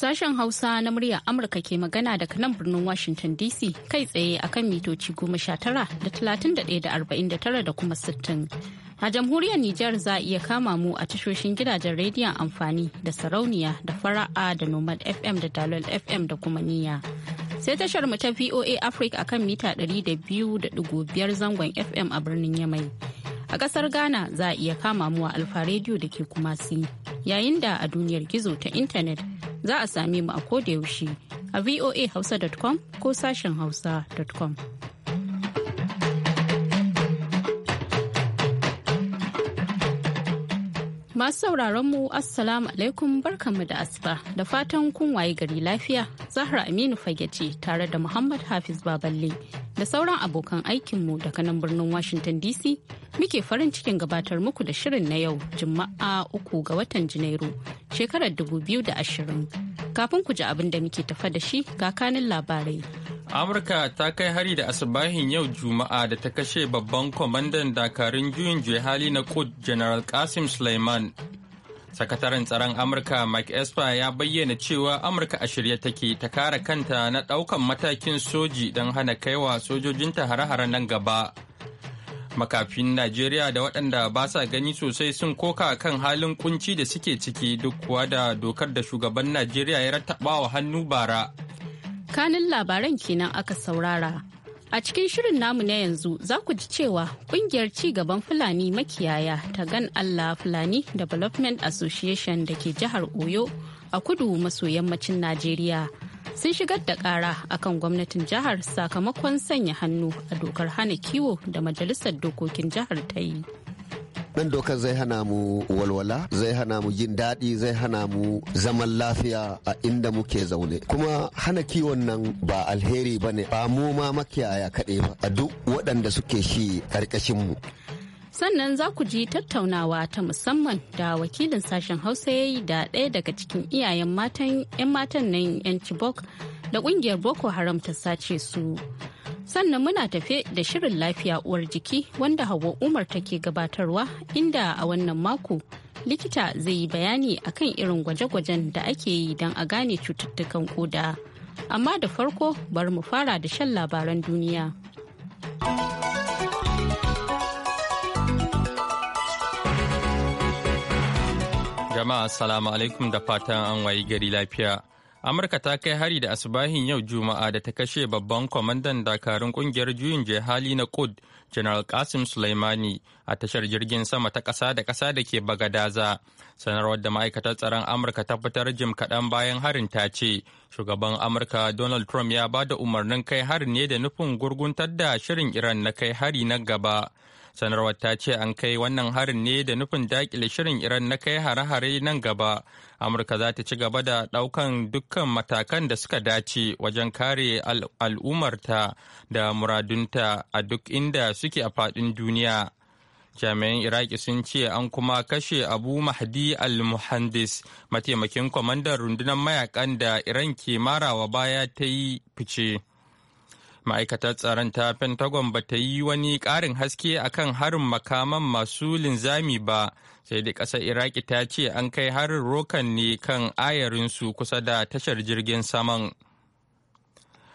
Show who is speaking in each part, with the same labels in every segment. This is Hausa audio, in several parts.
Speaker 1: Sashen Hausa na murya Amurka ke magana daga nan birnin Washington DC kai tsaye akan mitoci goma sha tara da talatin da da arba'in da tara da kuma sittin. A jamhuriyar Nijar za a iya kama mu a tashoshin gidajen rediyon amfani da sarauniya da fara'a da Nomad FM da Dalol FM da kuma niya Sai tashar mu ta VOA Africa akan mita 200.5 zangon FM a birnin Yamai. A ƙasar Ghana za a iya kama mu a Alfa Radio da ke Kumasi. Yayin da a duniyar gizo ta intanet za a same mu a kodayaushe a voahausa.com ko sashen hausa.com. Masu sauraron mu Assalamu alaikum barkanmu da asuba da fatan kun waye gari lafiya Zahra Aminu fage ce tare da Muhammad Hafiz Baballe da sauran abokan aikinmu daga nan birnin Washington DC muke farin cikin gabatar muku da shirin na yau Juma'a uku ga watan Janairu shekarar 2020 kafin ku ji abin da muke tafa da shi ga kanin labarai.
Speaker 2: Amurka ta kai hari da asibahin yau Juma'a da ta kashe babban kwamandan dakarun juyin juya hali na Kud General Qasim Suleiman. Sakataren tsaron Amurka Mike Esper ya bayyana cewa Amurka a shirye take ta kare kanta na ɗaukan matakin soji don hana kaiwa sojojinta hare-hare nan gaba. Makafin Najeriya da waɗanda ba sa gani sosai sun koka kan halin kunci da suke ciki duk kuwa da dokar da shugaban Najeriya ya rattaɓa wa hannu bara.
Speaker 1: kanin labaran kenan aka saurara. A cikin shirin namu na yanzu za ku ji cewa kungiyar gaban Fulani makiyaya ta gan Allah Fulani Development Association da ke jihar Oyo a kudu maso yammacin Najeriya sun shigar da kara akan gwamnatin jihar sakamakon sanya hannu a dokar hana kiwo da majalisar dokokin jihar ta yi.
Speaker 3: Nan dokar zai hana mu walwala zai hana mu jin daɗi zai hana mu zaman lafiya a inda muke zaune kuma hana kiwon nan ba alheri ba ne ba mu ma makiyaya kaɗai ba a duk waɗanda suke shi ƙarƙashin mu.
Speaker 1: sannan za ku ji tattaunawa ta musamman da wakilin sashen hausa ya yi da ɗaya daga cikin iyayen matan 'yan matan nan 'yan chibok da ƙungiyar boko haram ta sace su sannan muna tafe da shirin lafiya uwar jiki wanda hawa umar take gabatarwa inda a wannan mako likita zai yi bayani akan irin gwaje-gwajen da ake yi don a gane cututtukan koda amma da farko bari mu fara da shan labaran duniya
Speaker 2: jama'a assalamu alaikum da fatan an wayi gari lafiya Amurka ta kai hari da asibahin yau Juma'a da ta kashe babban kwamandan dakarun kungiyar juyin jihali na Kud, General Qasim Sulaimani, a tashar jirgin sama ta ƙasa da ƙasa da ke Bagadaza. Sanarwar da ma'aikatar tsaron Amurka ta fitar jim kaɗan bayan harin ta ce, Shugaban Amurka Donald Trump ya ba da umarnin kai hari ne da nufin gurguntar da shirin Iran na kai hari na gaba. sanarwar ta ce an kai wannan harin ne da nufin dakile shirin iran na kai hare-hare nan gaba amurka za ta ci gaba da daukan dukkan matakan da suka dace wajen kare al'ummarta da muradunta a duk inda suke a faɗin duniya jami'an iraki sun ce an kuma kashe abu mahdi al-muhandis mataimakin kwamandan rundunar mayakan da iran ke marawa baya ta yi fice ma'aikatar tsaron ta pentagon ba ta yi wani ƙarin haske akan harin makaman masu linzami ba sai dai ƙasar iraki ta ce an kai harin rokan ne kan ayarinsu kusa da tashar jirgin saman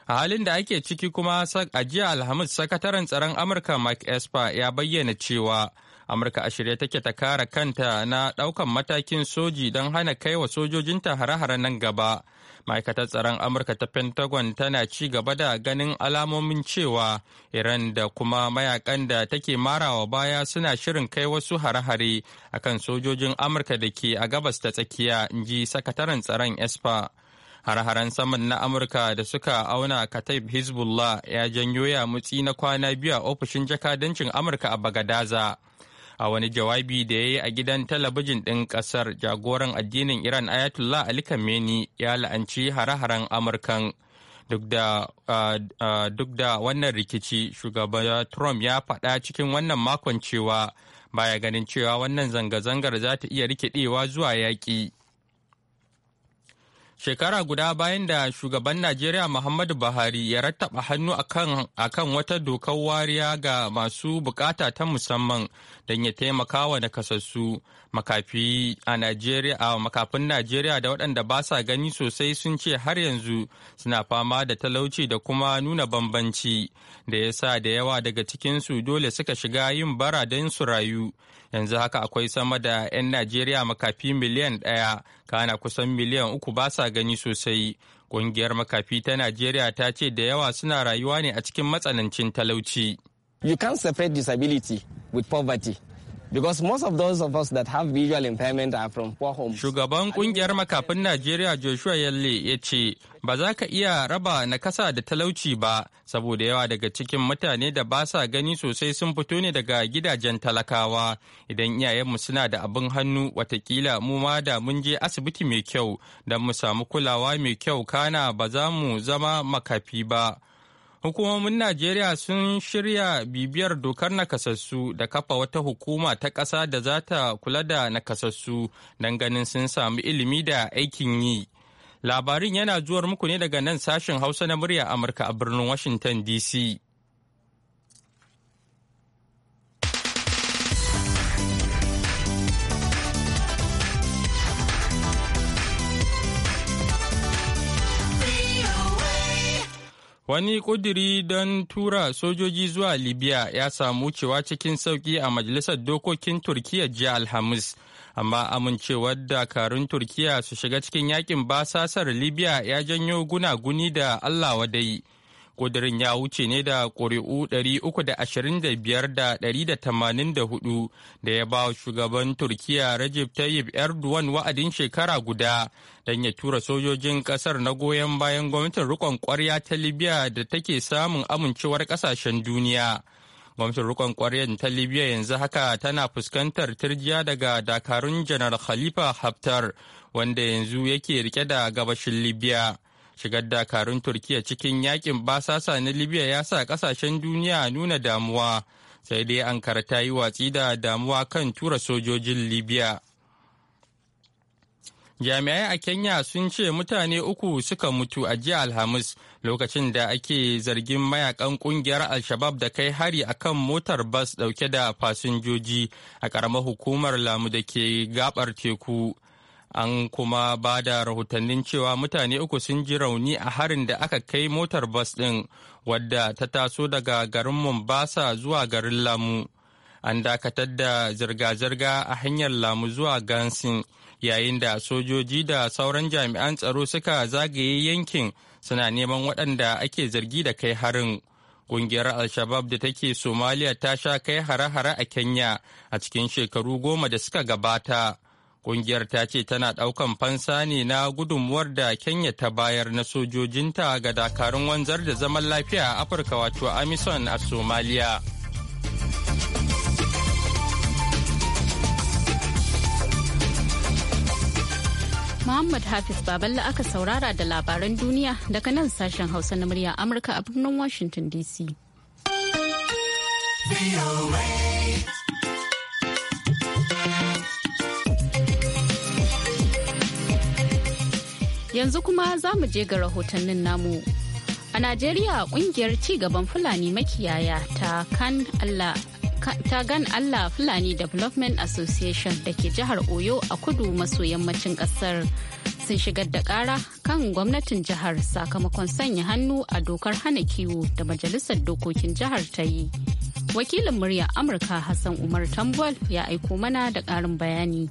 Speaker 2: a halin da ake ciki kuma a jiya alhamis sakataren tsaron amurka mike esper ya bayyana cewa amurka a shirye take ta kare kanta na daukan matakin soji don hana kai wa sojojinta hare-hare nan gaba ma'aikatar tsaron amurka ta pentagon tana ci gaba da ganin alamomin cewa iran da kuma mayakan da take marawa baya suna shirin kai wasu hare-hare akan sojojin amurka da ke a gabas ta tsakiya in ji sakataren tsaron espa hare-haren saman na amurka da suka auna kataib hezbollah ya janyo ya mutsi na kwana biyu a ofishin jakadancin amurka a bagadaza a wani jawabi da ya yi a gidan talabijin ɗin ƙasar jagoran addinin iran ayatollah ali khamenei ya la'anci hare-haren amurkan duk da, wannan rikici shugaba trump ya faɗa cikin wannan makon cewa baya ganin cewa wannan zanga-zangar za ta iya rikidewa zuwa yaƙi. shekara guda bayan da shugaban Najeriya Muhammadu Buhari ya rattaba hannu a kan wata dokar wariya ga masu bukata ta musamman don ya taimaka wa nakasassu makafi a makafin Najeriya da waɗanda ba sa gani sosai sun ce har yanzu suna fama da talauci da kuma nuna bambanci da ya sa da yawa daga cikinsu dole suka shiga yin bara don su rayu yanzu haka akwai sama da 'yan Najeriya makafi miliyan ɗaya kana kusan miliyan uku ba sa gani sosai ƙungiyar makafi ta najeriya ta ce da yawa suna rayuwa ne a cikin matsanancin talauci
Speaker 4: you can't separate disability with poverty
Speaker 2: Shugaban kungiyar makafin Najeriya Joshua Yalle ya ce, ba za ka iya raba nakasa da talauci ba, saboda yawa daga cikin mutane da ba sa gani sosai sun fito ne daga gidajen talakawa. Idan iyayenmu suna da abin hannu, watakila mu ma da mun je asibiti mai kyau, don mu samu kulawa mai kyau kana ba za mu zama makafi ba. Hukumomin Najeriya sun shirya bibiyar dokar nakasassu da kafa wata hukuma ta ƙasa da za ta kula da nakasassu don ganin sun samu ilimi da aikin yi. Labarin yana zuwar muku ne daga nan sashen Hausa na murya Amurka a birnin Washington DC. Wani ƙudiri don tura sojoji zuwa Libya ya samu cewa cikin sauƙi a Majalisar Dokokin Turkiyya jiya Alhamis, amma amincewar dakarun Turkiyya su shiga cikin yakin basasar Libya ya janyo guna-guni da Allah wadai kudirin ya wuce ne da ƙuri'u 325,184 da da ya ba shugaban turkiya rajib Tayyip Erdogan wa'adin shekara guda don ya tura sojojin ƙasar na goyon bayan gwamnatin rikon ƙwarya ta libya da take samun amincewar ƙasashen duniya. gwamnatin rikon kwaryar ta libya yanzu haka tana fuskantar turjiya daga dakarun janar khalifa haftar wanda yanzu yake rike da gabashin libya shigar dakarun turkiya cikin yakin basasa na libya ya sa kasashen duniya nuna damuwa sai dai ankara ta yi watsi da damuwa kan tura sojojin libya jami'ai a kenya sun ce mutane uku suka mutu a jiya alhamis lokacin da ake zargin mayakan kungiyar alshabab da kai hari akan motar bas dauke da fasinjoji a karamar hukumar lamu da ke gabar teku an kuma ba da rahotannin cewa mutane uku sun ji rauni a harin da aka kai motar bas ɗin wadda ta taso daga garin mombasa zuwa garin lamu an dakatar da zirga-zirga a hanyar lamu zuwa gansin yayin da sojoji da sauran jami'an tsaro suka zagaye yankin suna neman waɗanda ake zargi da kai harin. Ƙungiyar Al-Shabab da take Somalia ta sha kai hare-hare a Kenya a cikin shekaru goma da suka gabata. kungiyar ta ce tana daukan fansa ne na gudunmuwar da Kenya ta bayar na sojojinta ga dakarun wanzar da zaman lafiya a Afirka wato Amison a somaliya.
Speaker 1: Muhammad Hafiz Baballa aka saurara da labaran duniya daga nan sashen Hausa na murya Amurka a birnin Washington DC. Yanzu kuma za mu je ga rahotannin namu. A Najeriya kungiyar gaban Fulani makiyaya ta kan Allah ta gan Allah Fulani Development Association da ke jihar Oyo a kudu maso yammacin kasar sun shigar da kara kan gwamnatin jihar sakamakon sanya hannu a dokar hana kiwo da majalisar dokokin jihar ta yi. Wakilin murya Amurka Hassan Umar Tambol ya aiko mana da ƙarin bayani.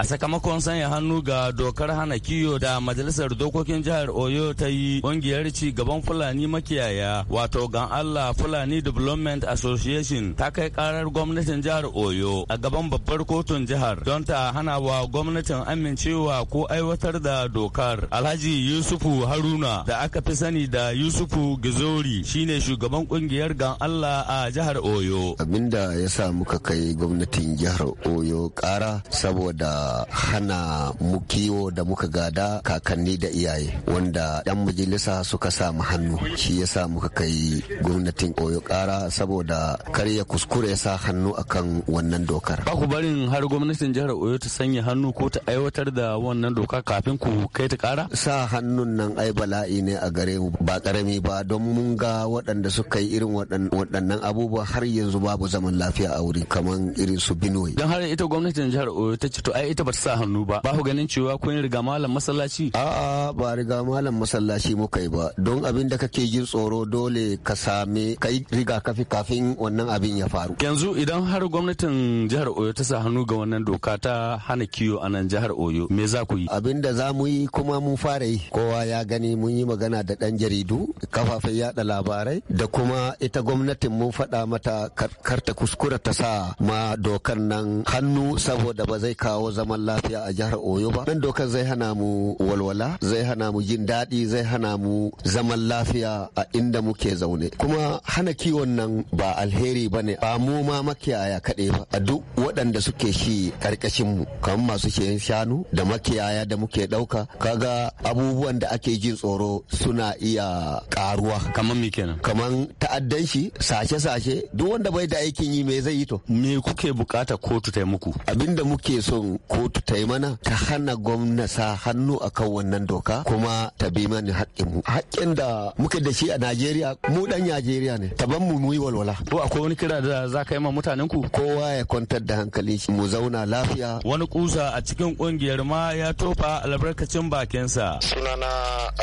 Speaker 5: a sakamakon sanya hannu ga dokar hana kiyo da majalisar dokokin jihar oyo ta yi ƙungiyar ci gaban fulani makiyaya wato gan allah fulani development association ta kai karar gwamnatin jihar oyo a gaban babbar kotun jihar don ta hana wa gwamnatin amincewa ko aiwatar da dokar alhaji yusufu haruna da aka fi sani da yusufu gizori shine shugaban ƙungiyar gan allah a jihar
Speaker 3: oyo abinda ya sa muka kai gwamnatin jihar oyo kara saboda hana mu kiwo da muka gada kakanni da iyaye wanda 'yan majalisa suka samu hannu shi yasa muka kai gwamnatin koyo kara saboda kar ya kuskure ya sa hannu akan wannan dokar. Ba ku
Speaker 5: barin har gwamnatin jihar Oyo ta sanya hannu ko ta aiwatar da wannan doka kafin ku kai ta kara? Sa hannun nan ai bala'i
Speaker 3: ne a gare mu ba karami ba don mun ga waɗanda suka yi irin waɗannan abubuwa har yanzu babu zaman lafiya a wuri kamar irin su Benue.
Speaker 5: Don har ita gwamnatin jihar Oyo ta ce to ai ita bata sa hannu ba ba ku ganin cewa kun riga malam masallaci a'a ba riga malam masallaci
Speaker 3: muka yi ba don abin da kake jin tsoro dole ka same kai rigakafi kafin wannan abin ya faru
Speaker 5: yanzu idan har gwamnatin jihar Oyo ta sa hannu ga wannan doka ta hana kiwo a nan jihar Oyo me za ku yi abin
Speaker 3: da za mu yi kuma mun fara yi kowa ya gani mun yi magana da ɗan jaridu kafafen yada labarai da kuma ita gwamnatin mun faɗa mata karta kuskura ta sa ma dokan nan hannu saboda ba zai kawo zaman lafiya a jihar Oyo ba. Nan dokar zai hana mu walwala, zai hana mu jin daɗi, zai hana mu zaman lafiya a inda muke zaune. Kuma hana kiwon nan ba alheri ba ne, ba mu ma makiyaya kaɗai ba, a duk waɗanda suke shi ƙarƙashin mu, kamar masu siyan shanu da makiyaya da muke ɗauka, kaga abubuwan da ake jin tsoro suna iya ƙaruwa. Kamar me kenan? Kamar ta'addan shi, sace-sace, duk wanda bai da aikin yi me zai yi to. Me kuke bukata kotu ta muku? Abinda muke son kotu ta yi mana ta hana gwamnasa sa hannu kan wannan doka kuma ta bi mani haƙƙinmu haƙƙin da muke da shi a najeriya mu dan najeriya ne taban mu muyi walwala to akwai wani kira da za ka yi ma mutanen ku kowa ya kwantar da hankali shi mu zauna lafiya
Speaker 5: wani kusa a cikin kungiyar ma ya tofa albarkacin bakinsa sunana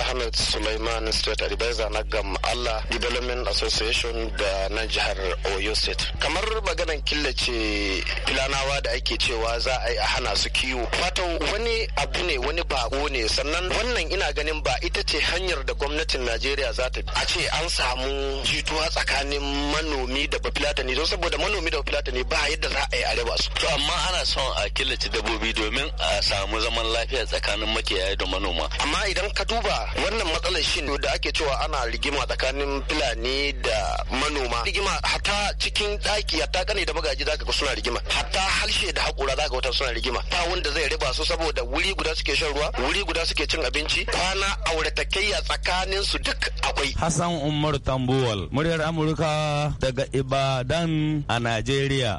Speaker 5: ahmed Suleiman
Speaker 3: state advisor na gam allah development association da na jihar oyo state kamar maganan killace filanawa da ake cewa za a yi a hana masu kiwo Fata wani abu ne wani bako ne sannan wannan ina ganin ba ita ce hanyar da gwamnatin najeriya za ta a ce an samu jituwa tsakanin manomi da bafilatani don saboda manomi da bafilatani ba yadda za a yi a raba su
Speaker 5: to amma ana son a killace dabbobi domin a samu zaman lafiya tsakanin makiyaya da manoma
Speaker 3: amma idan ka duba wannan matsalar ne. da ake cewa ana rigima tsakanin fulani da
Speaker 5: manoma rigima
Speaker 3: hata cikin ɗaki hatta kane da magaji zaka ga suna rigima hatta harshe da hakura ka wata suna rigima tawun da zai riba su saboda wuri guda suke shan ruwa wuri guda suke cin abinci kwana auratakayya tsakanin su duk
Speaker 5: akwai Hassan Umar Tambuwal muryar Amurka daga Ibadan a Najeriya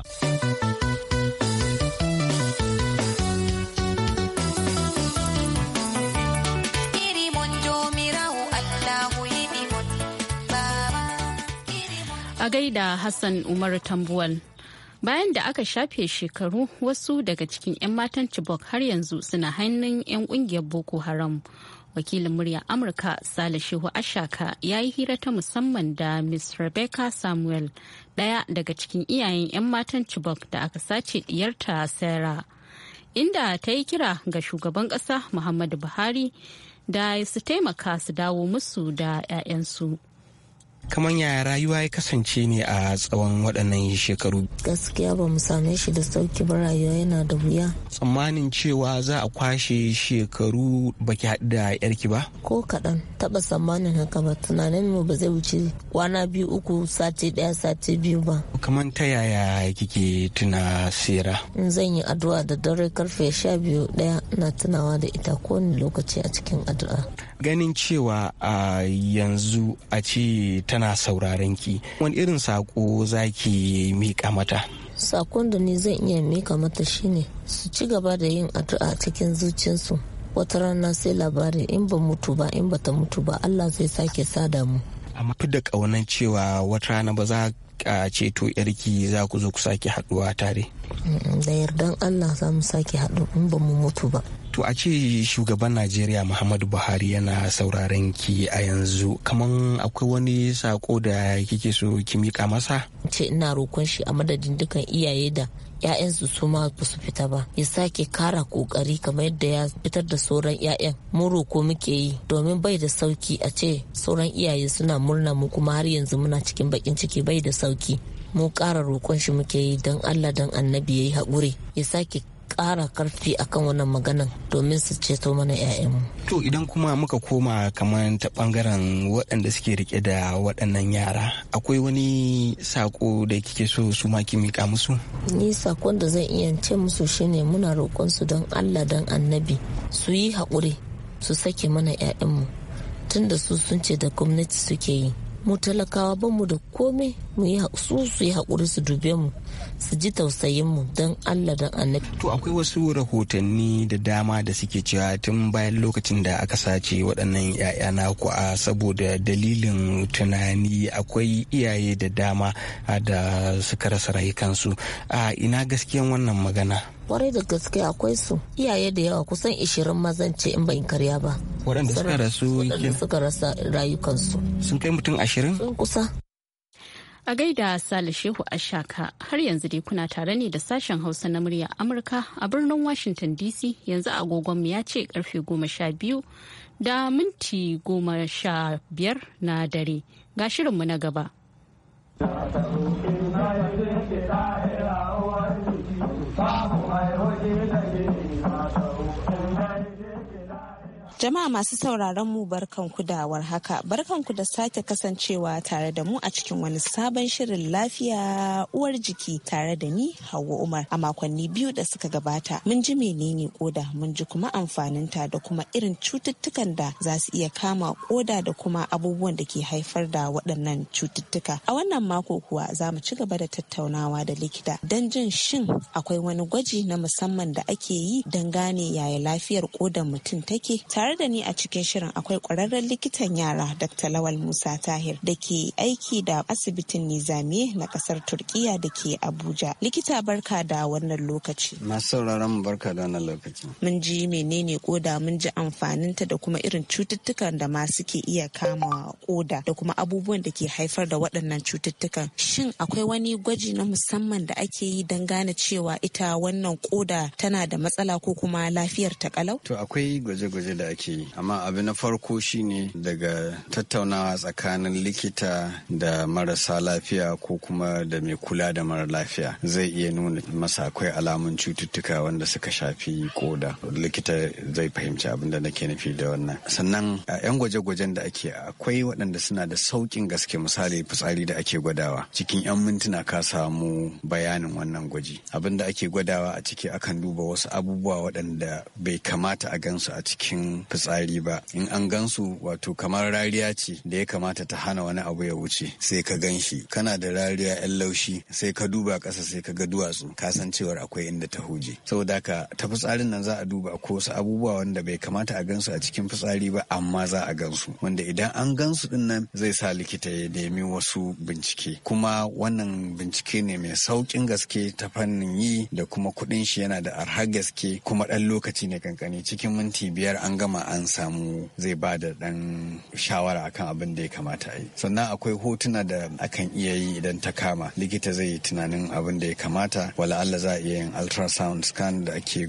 Speaker 1: A gaida Hassan Umar Tambuwal bayan da aka shafe shekaru wasu daga cikin 'yan matan chibok har yanzu suna hannun 'yan kungiyar boko haram wakilin murya amurka sale shehu ashaka ya yi hira ta musamman da miss rebecca samuel daya daga cikin iyayen 'yan matan chibok da aka sace diyarta sarah inda ta yi kira ga shugaban kasa muhammadu buhari da su taimaka su dawo musu da 'ya'yansu
Speaker 4: kamar yaya rayuwa ya kasance ne a tsawon waɗannan shekaru
Speaker 6: gaskiya ba mu same shi da sauki ba rayuwa yana da wuya
Speaker 4: tsammanin cewa za a kwashe shekaru baki haɗu da yarki ba
Speaker 6: ko kaɗan taɓa tsammanin haka ba tunanin mu ba zai wuce kwana biyu uku sati ɗaya sati biyu ba
Speaker 4: kamar ta yaya kike tuna sera
Speaker 6: zan yi addu'a da dare karfe sha biyu ɗaya na tunawa da ita kowane lokaci a cikin addu'a
Speaker 4: ganin cewa a yanzu a ce tana sauraron ki wani irin sako ki mika mata
Speaker 6: sakon da ne zan iya mika mata shine su ci gaba da yin addu'a cikin zuciyarsu wata rana sai labarin in ba mutu ba in bata mutu ba allah zai sake sada mu
Speaker 4: amma fi da ƙaunar cewa wata rana ba za a ceto yarki za ku zo ku sake haɗuwa tare
Speaker 6: mm, da yardan allah za mu sake haɗu in ba
Speaker 4: mu mutu ba to a ce shugaban najeriya muhammadu buhari yana sauraron ki a yanzu kaman akwai wani sako da kike so ki mika masa ce ina
Speaker 6: roƙon shi a madadin dukan iyaye da ‘ya'yansu su ma su fita ba ya sake kara kokari kamar yadda ya fitar da sauran ‘ya'yan mun roko muke yi domin bai da sauki a ce sauran iyaye suna murna mu kuma har yanzu muna cikin bakin ciki bai da sauki mu kara roƙon shi muke yi don allah don annabi ya yi haƙuri ya sake ƙara karfi akan wannan maganan domin su ceto mana 'ya'yanmu.
Speaker 4: To idan kuma muka koma kamar ta ɓangaren waɗanda suke rike da waɗannan yara akwai wani sako da kike so su ma ki miƙa musu?
Speaker 6: Ni sakon da zan iya ce musu shine muna roƙon su don Allah don annabi su yi haƙuri su sake mana mu tunda su sun ce da gwamnati suke yi. mu talakawa ba mu da komai mu yi su su yi haƙuri su dube mu su ji tausayin mu
Speaker 4: don Allah don annabi. To akwai wasu rahotanni da dama da suke cewa tun bayan lokacin da aka sace waɗannan 'ya'ya naku a saboda dalilin tunani akwai iyaye da dama da suka rasa rayukansu a ina gaskiyan wannan magana.
Speaker 6: kwarai da gaske akwai su iyaye da yawa kusan 20 mazance in ban karya ba
Speaker 4: waɗanda suka rasu rasa rayukansu sun kai mutum ashirin sun kusa
Speaker 1: a gaida sale shehu ashaka har yanzu dai kuna tare ne da sashen hausa na murya amurka a birnin washington dc yanzu agogon mu ya ce karfe goma sha biyu da minti goma sha biyar na dare ga shirinmu na gaba
Speaker 7: Jama'a masu sauraron mu barkanku da warhaka. Barkanku da sake kasancewa tare da mu a cikin wani sabon shirin lafiya uwar jiki tare da ni Hauwa Umar. A makonni biyu da suka gabata mun ji menene koda mun ji kuma amfaninta da kuma irin cututtukan da za su iya kama koda da kuma abubuwan da ke haifar da waɗannan cututtuka. A wannan mako kuwa za mu ci gaba da tattaunawa da likita don jin shin akwai wani gwaji na musamman da ake yi don gane yaya lafiyar kodan mutum take tare tare da ni a cikin shirin akwai kwararren likitan yara Dr. Lawal Musa Tahir da ke aiki da asibitin Nizami na ƙasar Turkiya da ke Abuja. Likita barka da wannan lokaci.
Speaker 8: Masu sauraron barka da wannan lokaci.
Speaker 7: Mun ji menene koda mun ji amfaninta da kuma irin cututtukan da ma suke iya kama koda da kuma abubuwan da ke haifar da waɗannan cututtukan. Shin akwai wani gwaji na musamman da ake yi don gane cewa ita wannan koda tana da matsala ko kuma lafiyar ta kalau?
Speaker 8: To akwai gwaje-gwaje da ake ake yi amma abu na farko shine daga tattaunawa tsakanin likita da marasa lafiya ko kuma da mai kula da mara lafiya zai iya nuna masa akwai alamun cututtuka wanda suka shafi koda likita zai fahimci abin da nake nufi da wannan sannan a 'yan gwaje-gwajen da ake akwai waɗanda suna da sauƙin gaske misali fitsari da ake gwadawa cikin 'yan mintuna ka samu bayanin wannan gwaji abin da ake gwadawa a ciki akan duba wasu abubuwa waɗanda bai kamata a gansu a cikin fitsari ba in an gansu wato kamar rariya ce da ya kamata ta hana wani abu ya wuce sai ka gan shi kana da rariya yan laushi sai ka duba ƙasa sai ka ga duwatsu ka san cewar akwai inda ta huje saboda haka ta fitsarin nan za a duba ko su abubuwa wanda bai kamata a gansu a cikin fitsari ba amma za a gan su wanda idan an gansu din nan zai sa likita ya nemi wasu bincike kuma wannan bincike ne mai saukin gaske ta fannin yi da kuma kuɗin shi yana da arha gaske kuma ɗan lokaci ne kankani cikin minti biyar an gama gama an samu zai ba da ɗan shawara akan abin da ya kamata a yi sannan akwai hotuna da akan iya yi idan ta kama likita zai yi tunanin abin da ya kamata wala Allah za a iya yin ultrasound scan da ake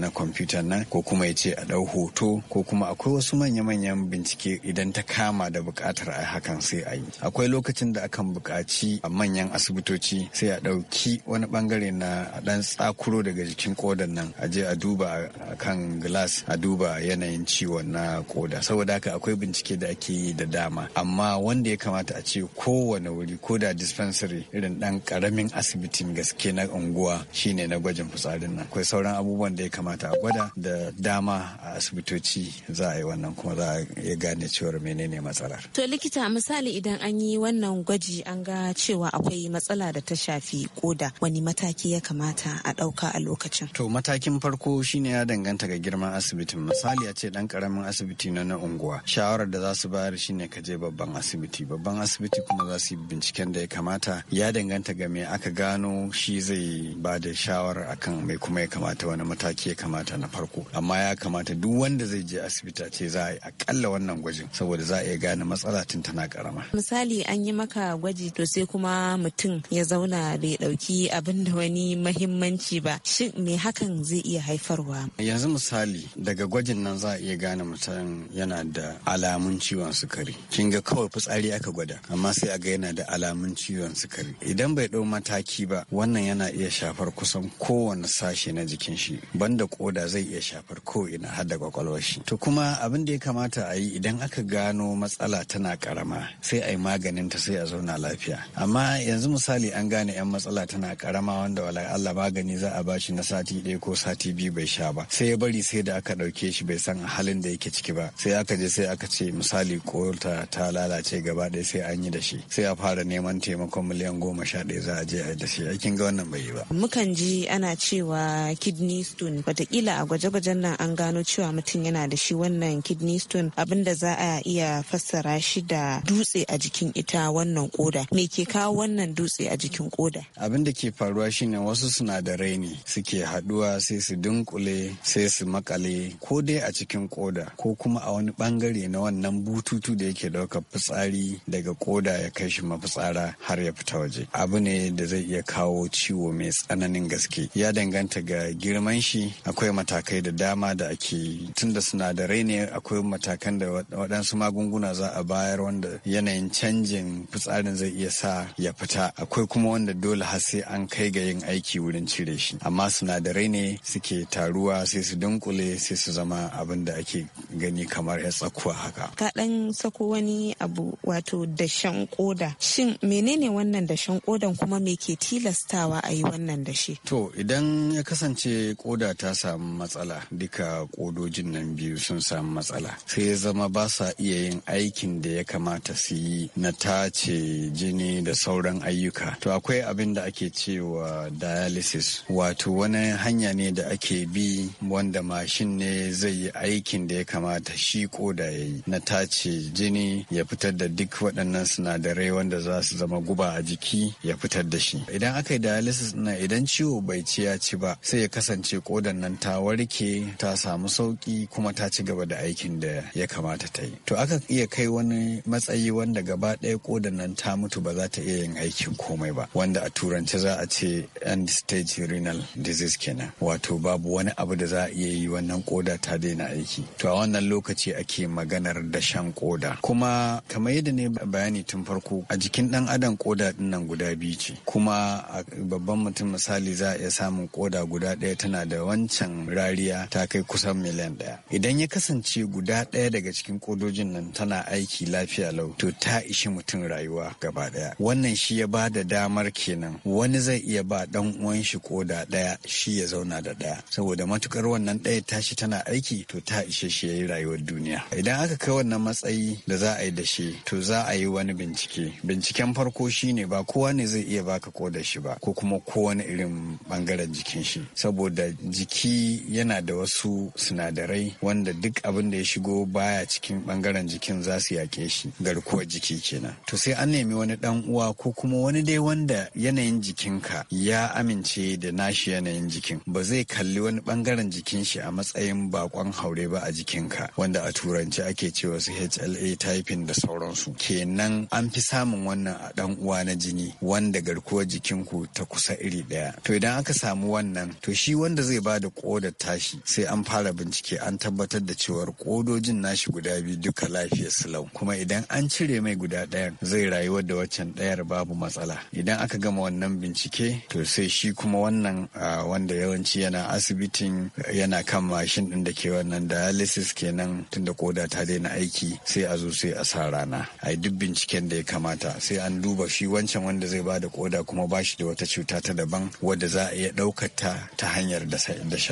Speaker 8: na kwamfuta nan ko kuma ya ce a ɗau hoto ko kuma akwai wasu manya-manyan bincike idan ta kama da buƙatar a hakan sai a yi akwai lokacin da akan buƙaci a manyan asibitoci sai a ɗauki wani bangare na ɗan tsakuro daga jikin kodan nan a je a duba kan glass a duba yanayin yanayin ciwon na koda saboda haka akwai bincike da ake yi da dama amma wanda ya kamata a ce kowane wuri ko da dispensary irin dan karamin asibitin gaske na unguwa shine na gwajin fitsarin nan akwai sauran abubuwan da ya kamata a gwada da dama a asibitoci za a yi wannan kuma za a iya gane cewar menene matsalar
Speaker 7: to likita misali idan an yi wannan gwaji an ga cewa akwai matsala da ta shafi koda wani mataki ya kamata a
Speaker 8: ɗauka a lokacin to matakin farko shine ya danganta ga girman asibitin misali a ce ce dan karamin asibiti na na unguwa shawarar da za su bayar shine ka je babban asibiti babban asibiti kuma za su yi binciken da ya kamata ya danganta ga me aka gano shi zai ba da shawarar akan mai kuma ya kamata wani mataki ya kamata na farko amma ya kamata duk wanda zai je asibiti ce za a yi akalla wannan gwajin saboda za a iya gane matsala tun tana karama
Speaker 7: misali an yi maka gwaji to sai kuma mutum ya zauna bai dauki abin da wani mahimmanci ba shin me hakan zai iya haifarwa
Speaker 8: yanzu misali daga gwajin nan za iya gane mutum yana da alamun ciwon sukari kin ga kawai fitsari aka gwada amma sai a ga yana da alamun ciwon sukari idan bai ɗau mataki ba wannan yana iya shafar kusan kowane sashe na jikin shi banda koda zai iya shafar ko ina har da kwakwalwar shi to kuma abin da ya kamata a yi idan aka gano matsala tana karama sai a yi maganin ta sai a zauna lafiya amma yanzu misali an gane yan matsala tana karama wanda wala Allah magani za a bashi na sati ɗaya ko sati biyu bai sha ba sai ya bari sai da aka ɗauke shi bai san halin da yake ciki ba sai aka je sai aka ce misali koyarta ta lalace gaba ɗaya sai an yi da shi sai a fara neman taimakon miliyan goma sha ɗaya za a je a yi da shi aikin ga wannan bai yi ba.
Speaker 7: mukan ji ana cewa kidney stone watakila a gwaje-gwajen nan an gano cewa mutum yana da shi wannan kidney stone abin da za a iya fassara shi da dutse a jikin ita wannan koda me ke kawo wannan dutse a jikin koda
Speaker 8: abin da ke faruwa shine wasu sinadarai ne suke haɗuwa, sai su dunkule sai su makale ko dai a cikin cikin koda ko kuma a wani bangare na wannan bututu da yake ɗaukar fitsari daga koda ya kai shi mafitsara har ya fita waje abu ne da zai iya kawo ciwo mai tsananin gaske ya danganta ga girman shi akwai matakai da dama da ake tunda sinadarai ne akwai matakan da waɗansu magunguna za a bayar wanda yanayin canjin fitsarin zai iya sa ya fita akwai kuma wanda dole har sai an kai ga yin aiki wurin cire shi amma sinadarai ne suke taruwa sai su dunkule sai su zama abin da ake gani kamar ya tsakuwa haka.
Speaker 7: Ka ɗan sako wani abu wato dashen koda. Shin menene wannan dashen kodan kuma me ke tilastawa a yi wannan dashe?
Speaker 8: To idan ya kasance koda ta samu matsala duka kodojin nan biyu sun samu matsala sai ya zama ba sa iya yin aikin da ya kamata su yi na tace jini da sauran ayyuka. To akwai abin da ake cewa dialysis wato wani hanya ne da ake bi wanda mashin ne zai yi aikin da ya kamata shi koda ya yi na tace jini ya fitar da duk waɗannan sinadarai wanda za su zama guba a jiki ya fitar da shi idan aka yi dialysis na idan ciwo bai ci ya ci ba sai ya kasance kodan nan ta warke ta samu sauki kuma ta ci gaba da aikin da ya kamata ta yi to aka iya kai wani matsayi wanda gaba ɗaya kodan nan ta mutu ba za ta iya yin aikin komai ba wanda a turance za a ce end stage renal disease kenan wato babu wani abu da za a iya yi wannan koda ta daina aiki to a wannan lokaci ake maganar dashen koda kuma kamar yadda ne bayani tun farko a jikin ɗan adam koda din nan guda biyu ce kuma a babban mutum misali za a iya samun koda guda ɗaya tana da wancan rariya ta kai kusan miliyan ɗaya idan ya kasance guda ɗaya daga cikin kodojin nan tana aiki lafiya lau to ta ishi mutum rayuwa gaba ɗaya wannan shi ya ba da damar kenan wani zai iya ba ɗan uwan shi koda ɗaya shi ya zauna da ɗaya saboda matukar wannan ɗaya tashi tana aiki to ta ishe ya yi rayuwar duniya idan aka kai wannan matsayi da za a yi da shi to za a yi wani bincike binciken farko shine ba kowa ne zai iya baka kodar shi ba ko kuma kowane irin bangaren jikin shi saboda jiki yana da wasu sinadarai wanda duk abin da ya shigo baya cikin bangaren jikin za su yake shi garkuwar jiki kenan to sai an nemi wani dan uwa ko kuma wani dai wanda yanayin jikinka ya amince da nashi yanayin jikin ba zai kalli wani bangaren jikin shi a matsayin bakon haure ɗaure ba a jikinka wanda a turanci ake cewa su HLA typing da sauransu kenan an fi samun wannan a ɗan uwa na jini wanda garkuwar jikinku ta kusa iri ɗaya to idan aka samu wannan to shi wanda zai ba da ƙodar tashi sai an fara bincike an tabbatar da cewar ƙodojin nashi guda biyu duka lafiyar silau kuma idan an cire mai guda ɗayan zai rayuwa da waccan ɗayar babu matsala idan aka gama wannan bincike to sai shi kuma wannan ah, wanda yawanci yana asibitin yana kan mashin ɗin da ke wannan dialysis kenan tunda koda ta daina aiki sai a zo sai a sa rana a yi duk binciken da ya kamata sai an duba shi wancan wanda zai bada koda kuma bashi da wata cuta ta daban wadda za a iya ɗaukar ta ta hanyar da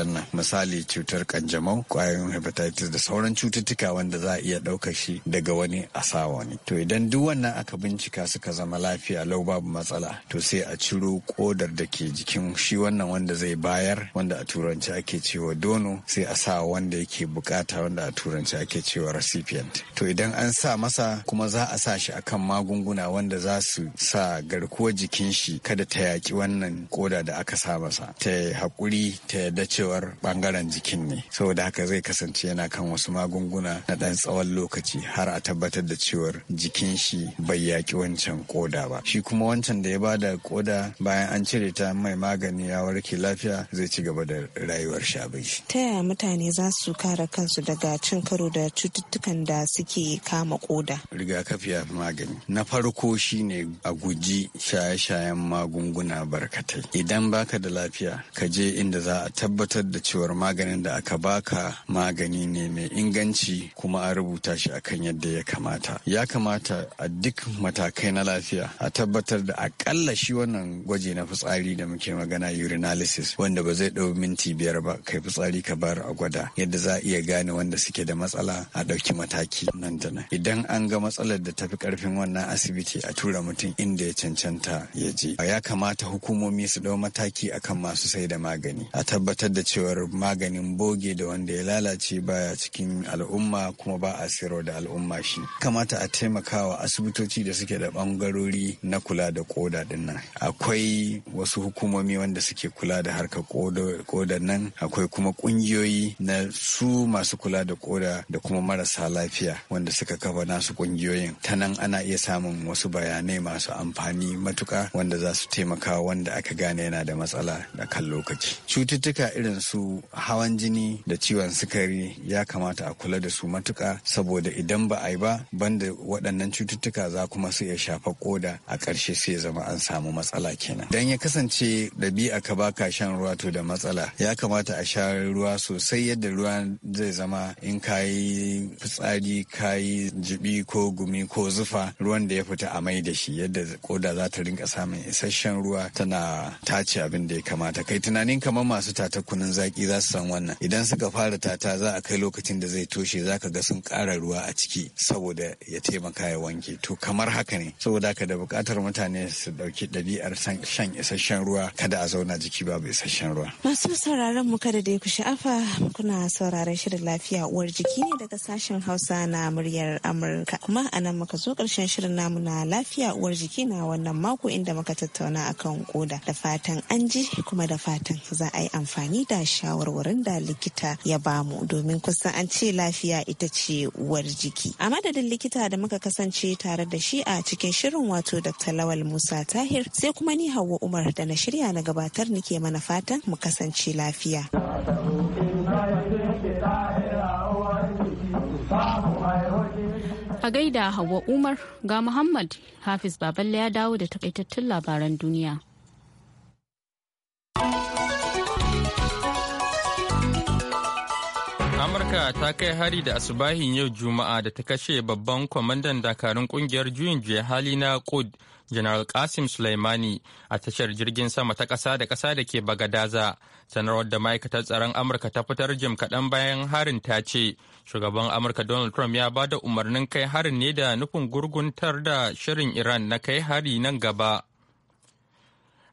Speaker 8: nan misali cutar kanjamau kwayoyin hepatitis da sauran cututtuka wanda za a iya ɗaukar shi daga wani a sa wani to idan duk wannan aka bincika suka zama lafiya lau babu matsala to sai a ciro kodar da ke jikin shi wannan wanda zai bayar wanda a turanci ake cewa dono sai a sa wanda yake ake bukata wanda a turanci ake cewa recipient to idan an sa masa kuma za a sa shi akan magunguna wanda za su sa garkuwar jikin shi kada ta yaki wannan koda da aka sa masa ta hakuri ta yadda cewar bangaren jikin ne saboda haka zai kasance yana kan wasu magunguna na ɗan tsawon lokaci har a tabbatar da cewar jikin shi bai yaki wancan koda ba shi kuma wancan da ya ba da koda bayan an cire ta mai magani ya warke lafiya zai ci gaba da rayuwar shabai
Speaker 7: ta yaya mutane za su kare kare kansu daga cin karo da cututtukan da suke kama koda.
Speaker 8: Rigakafi ya fi magani. Na farko shine a guji shaye-shayen magunguna barkatai. Idan baka da lafiya, ka je inda za a tabbatar da cewar maganin da aka baka magani ne mai inganci kuma a rubuta shi akan yadda ya kamata. Ya kamata a duk matakai na lafiya a tabbatar da akalla shi wannan gwaji na fitsari da muke magana urinalysis wanda ba zai ɗau minti biyar ba kai fitsari ka bar a gwada yadda za iya gane wanda suke da matsala a ɗauki mataki nan da nan idan an ga matsalar da tafi karfin wannan asibiti a tura mutum inda ya cancanta ya je ya kamata hukumomi su dau mataki akan masu sai da magani a tabbatar da cewar maganin boge da wanda ya lalace baya cikin al'umma kuma ba a siro da al'umma shi kamata a taimakawa asibitoci da suke da bangarori na kula da koda nan, akwai wasu hukumomi wanda suke kula da harkar koda nan akwai kuma ƙungiyoyi na su masu kula da koda da kuma marasa lafiya wanda suka kafa nasu kungiyoyin ta nan ana iya samun wasu bayanai masu amfani matuka wanda za su taimaka wanda aka gane yana da matsala da kan lokaci cututtuka irin su hawan jini da ciwon sukari ya kamata a kula da su matuka saboda idan ba a yi ba banda waɗannan cututtuka za kuma su iya shafa koda a ƙarshe sai zama an samu matsala kenan dan ya kasance ɗabi'a ka baka shan ruwa to da matsala ya kamata a sha ruwa sosai yadda ruwa zai zama in kayi fitsari kayi jibi ko gumi ko zufa ruwan da ya fita a mai da shi yadda koda za ta rinka samun isasshen ruwa tana tace abin da ya kamata kai tunanin kamar masu tata kunun zaki za su san wannan idan suka fara tata za a kai lokacin da zai toshe za ka ga sun kara ruwa a ciki saboda ya taimaka ya wanke to kamar haka ne saboda ka da buƙatar mutane su ɗauki ɗabi'ar shan isasshen ruwa kada a zauna jiki babu isasshen ruwa
Speaker 7: masu sauraron mu kada da ya ku sha'afa kuna sauraron labaran shirin lafiya uwar jiki ne daga sashen Hausa na muryar Amurka. Kuma a nan muka zo karshen shirin namu na lafiya uwar jiki na wannan mako inda muka tattauna akan koda. Da fatan an ji kuma da fatan za a yi amfani da shawarwarin da likita ya bamu domin kusan an ce lafiya ita ce uwar jiki. A madadin likita da muka kasance tare da shi a cikin shirin wato Dr. Lawal Musa Tahir sai kuma ni Hauwa Umar da na shirya na gabatar nike mana fatan mu kasance lafiya.
Speaker 1: A gaida Hauwa Umar ga Muhammad Hafiz Baballe ya dawo da takaitattun labaran duniya.
Speaker 2: amurka ta kai hari da asubahin yau juma'a da ta kashe babban kwamandan dakarun kungiyar juyin juya hali na kud general qasim sulaimani a tashar jirgin sama ta ƙasa da kasa da ke bagadaza sanarwar da ma'aikatar tsaron amurka ta fitar jim kaɗan bayan harin ta ce shugaban amurka donald trump ya ba da umarnin kai harin ne da nufin gurguntar da shirin iran na kai hari nan gaba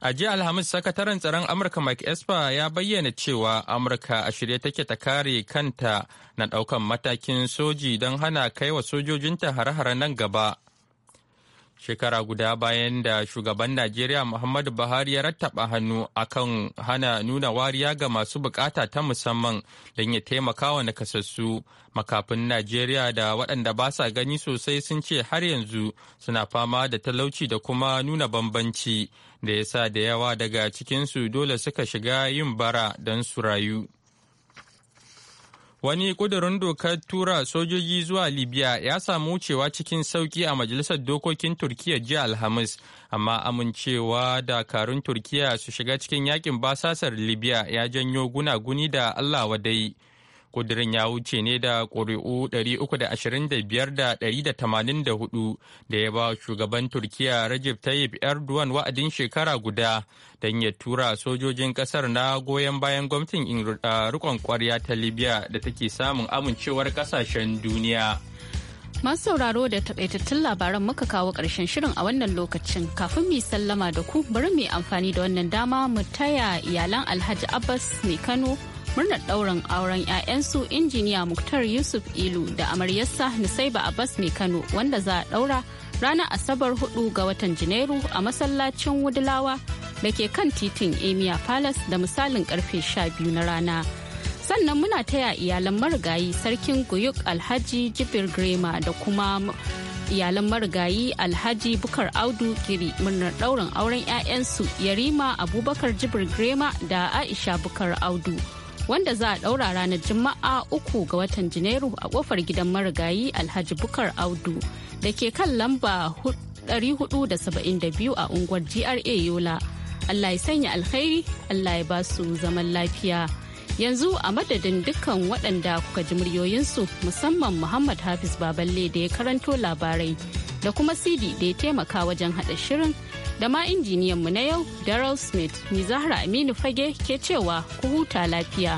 Speaker 2: A jiya Alhamis sakataren tsaron Amurka Mike Esper ya bayyana cewa Amurka a shirye take ta kare kanta na ɗaukan matakin soji don hana kai wa sojojinta hare-hare nan gaba. shekara guda bayan da shugaban najeriya muhammadu buhari ya rattaba hannu akan hana nuna wariya ga masu bukata ta musamman don ya taimaka wa nakasassu makafin najeriya da waɗanda ba sa gani sosai sun ce har yanzu suna fama da talauci da kuma nuna bambanci da ya sa da yawa daga cikinsu dole suka shiga yin bara don su rayu Wani ƙudurin dokar tura sojoji zuwa Libya ya samu wucewa cikin sauƙi a Majalisar Dokokin Turkiyya jiya Alhamis, amma amincewa dakarun Turkiyya su shiga cikin yakin basasar Libya ya janyo guna guni da Allah wadai. Kudirin ya wuce ne da ƙuri'u 325 da 184 da ya ba shugaban Turkiya rajib Tayyip Erdogan wa'adin shekara guda don ya tura sojojin kasar na goyon bayan gwamnatin uh, rikon kwarya ta Libya da take samun amincewar kasashen duniya.
Speaker 1: Masu sauraro da taƙaitattun labaran muka kawo ƙarshen shirin a wannan lokacin kafin mu sallama da ku bari mu amfani da wannan dama mu taya iyalan Alhaji Abbas mai Kano murnar ɗaurin auren 'ya'yansu injiniya Muktar Yusuf Ilu da amaryarsa Nusaiba Abbas mai Kano wanda za a ɗaura ranar Asabar 4 ga watan Janairu a masallacin Wudulawa da ke kan titin Emia Palace da misalin karfe 12 na rana. Sannan muna taya iyalan marigayi Sarkin Guyuk Alhaji Jibir Grema da kuma iyalan marigayi alhaji bukar audu giri murnar ɗaurin auren 'ya'yansu yarima abubakar jibir grema da aisha bukar audu wanda za a ɗaura ranar Juma'a uku ga watan Janairu a kofar gidan marigayi Alhaji Bukar Audu da ke kan lamba 472 a unguwar GRA Yola. Allah ya sanya alkhairi, Allah ya ba su zaman lafiya. yanzu a madadin dukkan waɗanda kuka ji muryoyinsu musamman muhammad hafiz baballe da ya karanto labarai da kuma sidi da ya taimaka wajen haɗa shirin da ma injiniyanmu na yau Daryl Smith, ni Zahra Aminu Fage ke cewa ku huta lafiya.